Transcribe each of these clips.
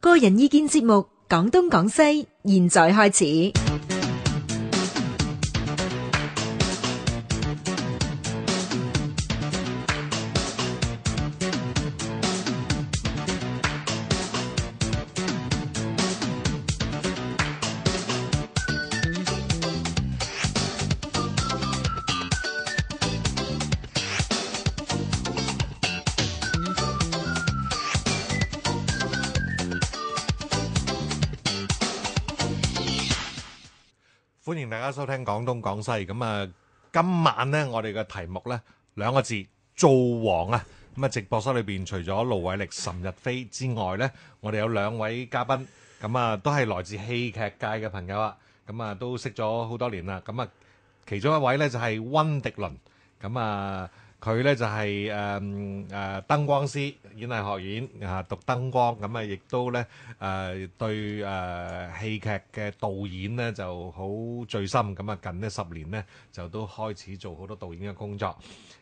個人意見節目，講東講西，現在開始。歡迎大家收聽講東講西。咁啊今晚咧我哋嘅題目咧兩個字造王啊。咁啊直播室裏邊除咗盧偉力、岑逸飛之外咧，我哋有兩位嘉賓，咁啊都係來自戲劇界嘅朋友啊，咁啊都識咗好多年啦，咁啊其中一位咧就係、是、溫迪倫，咁啊。佢咧就係誒誒燈光師，演藝學院啊讀燈光，咁啊亦都咧誒對誒戲劇嘅導演咧就好醉心，咁啊近呢十年咧就都開始做好多導演嘅工作。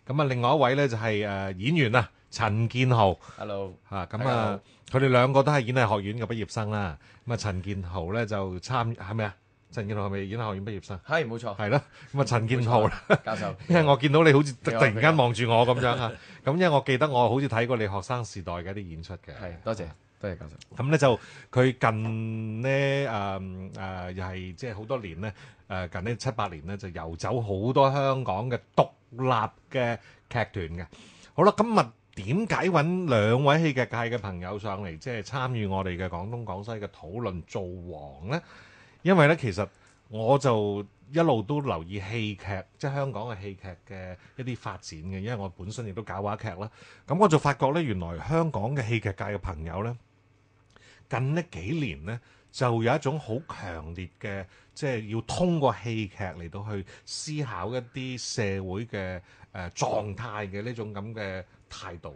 咁啊另外一位咧就係誒演員啊陳健豪，hello 嚇，咁啊佢哋兩個都係演藝學院嘅畢業生啦。咁啊陳健豪咧就參，係咪啊？陳健豪係咪演藝學院畢業生？係，冇錯。係啦，咁啊陳健豪啦，教授， 因為我見到你好似突然間望住我咁樣啊，咁 因為我記得我好似睇過你學生時代嘅一啲演出嘅。係，多謝，嗯、多謝教授。咁咧、嗯、就佢近呢，誒、呃、誒、呃，又係即係好多年咧誒、呃，近呢七八年咧就游走好多香港嘅獨立嘅劇團嘅。好啦，今日點解揾兩位戲劇界嘅朋友上嚟，即係參與我哋嘅廣東廣西嘅討論造王咧？因為呢，其實我就一路都留意戲劇，即係香港嘅戲劇嘅一啲發展嘅。因為我本身亦都搞話劇啦，咁我就發覺呢，原來香港嘅戲劇界嘅朋友呢，近呢幾年呢，就有一種好強烈嘅，即係要通過戲劇嚟到去思考一啲社會嘅誒狀態嘅呢種咁嘅態度。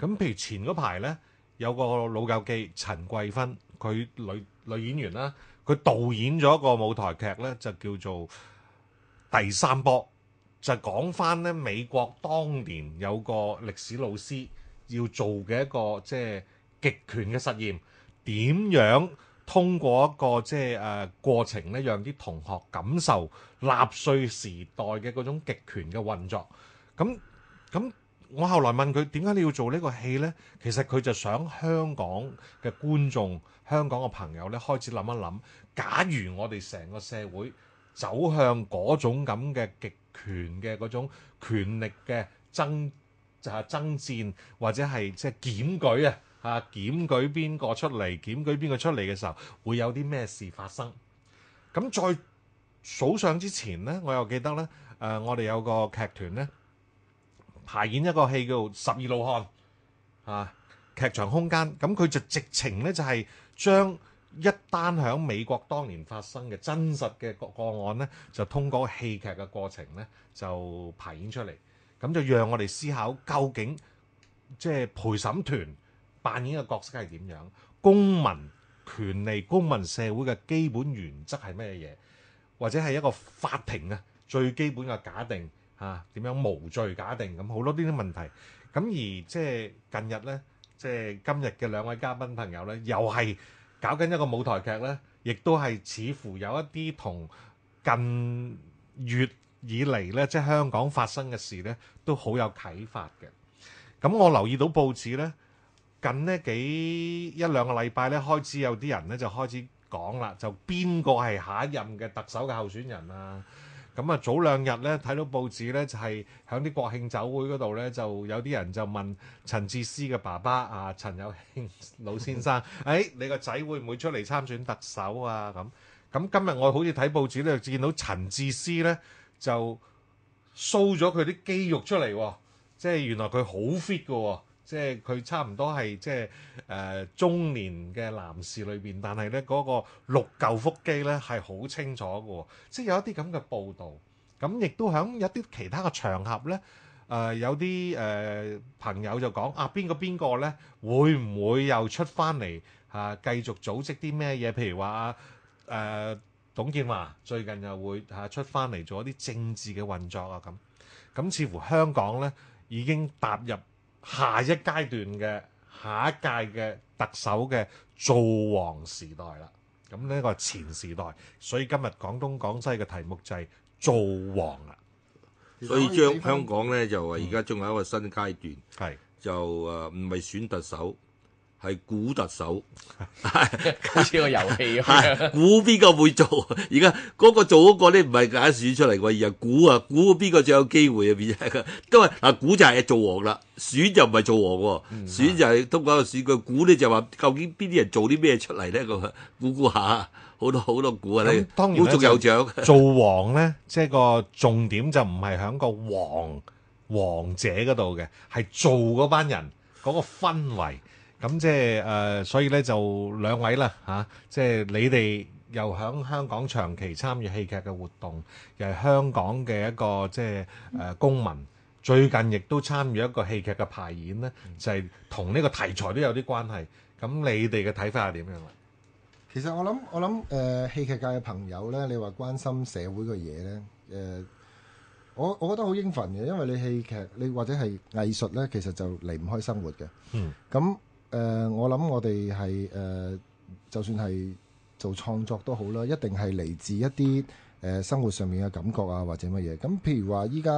咁譬如前嗰排呢，有個老友記陳桂芬，佢女女演員啦。佢導演咗個舞台劇呢，就叫做《第三波》，就講返呢美國當年有個歷史老師要做嘅一個即係極權嘅實驗，點樣通過一個即係誒、呃、過程呢，讓啲同學感受納粹時代嘅嗰種極權嘅運作。咁咁。我後來問佢點解你要做呢個戲呢？其實佢就想香港嘅觀眾、香港嘅朋友咧，開始諗一諗，假如我哋成個社會走向嗰種咁嘅極權嘅嗰種權力嘅爭啊爭戰，或者係即係檢舉啊啊檢舉邊個出嚟？檢舉邊個出嚟嘅時候，會有啲咩事發生？咁再數上之前呢，我又記得呢，誒、呃、我哋有個劇團呢。排演一個戲叫做《十二怒漢》，啊，劇場空間咁佢就直情呢，就係將一單喺美國當年發生嘅真實嘅個案呢，就通過戲劇嘅過程呢，就排演出嚟，咁就讓我哋思考究竟即係、就是、陪審團扮演嘅角色係點樣，公民權利、公民社會嘅基本原則係咩嘢，或者係一個法庭啊，最基本嘅假定。啊，點樣無罪假定咁，好多呢啲問題，咁而即係近日呢，即係今日嘅兩位嘉賓朋友呢，又係搞緊一個舞台劇呢，亦都係似乎有一啲同近月以嚟呢，即係香港發生嘅事呢，都好有啟發嘅。咁我留意到報紙呢，近呢幾一兩個禮拜呢，開始有啲人呢，就開始講啦，就邊個係下一任嘅特首嘅候選人啊？咁啊，早兩日咧睇到報紙咧，就係喺啲國慶酒會嗰度咧，就有啲人就問陳智思嘅爸爸啊，陳有慶老先生，誒、哎，你個仔會唔會出嚟參選特首啊？咁咁今日我好似睇報紙咧，見到陳智思咧就 show 咗佢啲肌肉出嚟喎、哦，即係原來佢好 fit 㗎喎。即係佢差唔多係即係誒中年嘅男士裏邊，但係咧嗰個六嚿腹肌咧係好清楚嘅，即係有一啲咁嘅報導。咁亦都喺一啲其他嘅場合咧，誒有啲誒朋友就講啊，邊個邊個咧會唔會又出翻嚟啊繼續組織啲咩嘢？譬如話啊誒董建華最近又會啊出翻嚟做一啲政治嘅運作啊咁。咁似乎香港咧已經踏入下一階段嘅下一屆嘅特首嘅造王時代啦，咁呢個前時代，所以今日廣東廣西嘅題目就係造王啦。所以將香港呢，就話而家仲有一個新階段，係、嗯、就誒唔係選特首。係估特首，係好似個遊戲咁樣。估邊個會做？而家嗰個做嗰個咧，唔係揀選出嚟嘅，而係估啊，估邊個最有機會啊？變即係，嗱，估就係做王啦，選就唔係做王。嗯、選就係通過個選舉，估咧就話究竟邊啲人做啲咩出嚟咧？咁啊，估估下，好多好多估啊！那你估中有獎。做王咧，即係個重點就唔係喺個王王者嗰度嘅，係做嗰班人嗰個氛圍。咁即係誒，所以咧就兩位啦嚇，即係你哋又喺香港長期參與戲劇嘅活動，又係香港嘅一個即係誒公民，最近亦都參與一個戲劇嘅排演咧，就係同呢個題材都有啲關係。咁你哋嘅睇法係點樣咧？其實我諗我諗誒戲劇界嘅朋友咧，你話關心社會嘅嘢咧，誒我我覺得好應份嘅，因為你戲劇你或者係藝術咧，其實就離唔開生活嘅。嗯，咁。誒、呃，我諗我哋係誒，就算係做創作都好啦，一定係嚟自一啲誒、呃、生活上面嘅感覺啊，或者乜嘢。咁譬如話，依家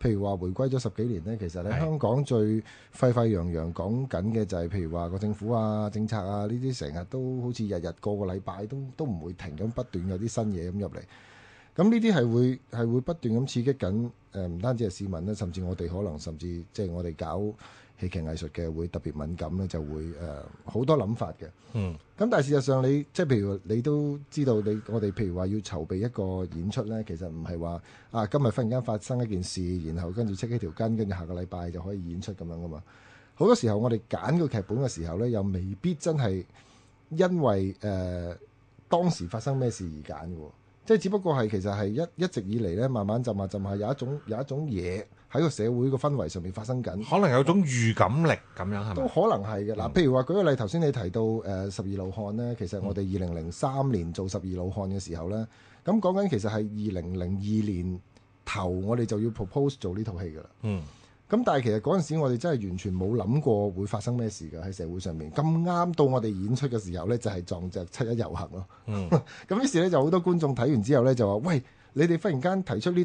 譬如話回歸咗十幾年呢，其實喺的香港最沸沸揚揚講緊嘅就係，譬如話個政府啊、政策啊呢啲，成日都好似日日個個禮拜都都唔會停咁，不斷有啲新嘢咁入嚟。咁呢啲係會係會不斷咁刺激緊，誒、呃、唔單止係市民咧，甚至我哋可能，甚至即係、就是、我哋搞戲劇藝術嘅會特別敏感咧，就會誒好、呃、多諗法嘅。嗯，咁但係事實上你即係譬如你都知道你，你我哋譬如話要籌備一個演出咧，其實唔係話啊今日忽然間發生一件事，然後跟住扯起條筋，跟住下個禮拜就可以演出咁樣噶嘛。好多時候我哋揀個劇本嘅時候咧，又未必真係因為誒、呃、當時發生咩事而揀嘅。即係只不過係其實係一一直以嚟咧，慢慢浸下浸下，有一種有一種嘢喺個社會個氛圍上面發生緊。可能有種預感力咁樣，都可能係嘅。嗱、嗯，譬如話舉個例，頭先你提到誒《十、呃、二怒漢》咧，其實我哋二零零三年做《十二怒漢》嘅時候咧，咁講緊其實係二零零二年頭，我哋就要 propose 做呢套戲噶啦。嗯。咁但係其實嗰陣時我哋真係完全冇諗過會發生咩事㗎，喺社會上面。咁啱到我哋演出嘅時候咧就係、是、撞著七一遊行咯，咁於、嗯、 是咧就好多觀眾睇完之後咧就話喂，你哋忽然間提出呢？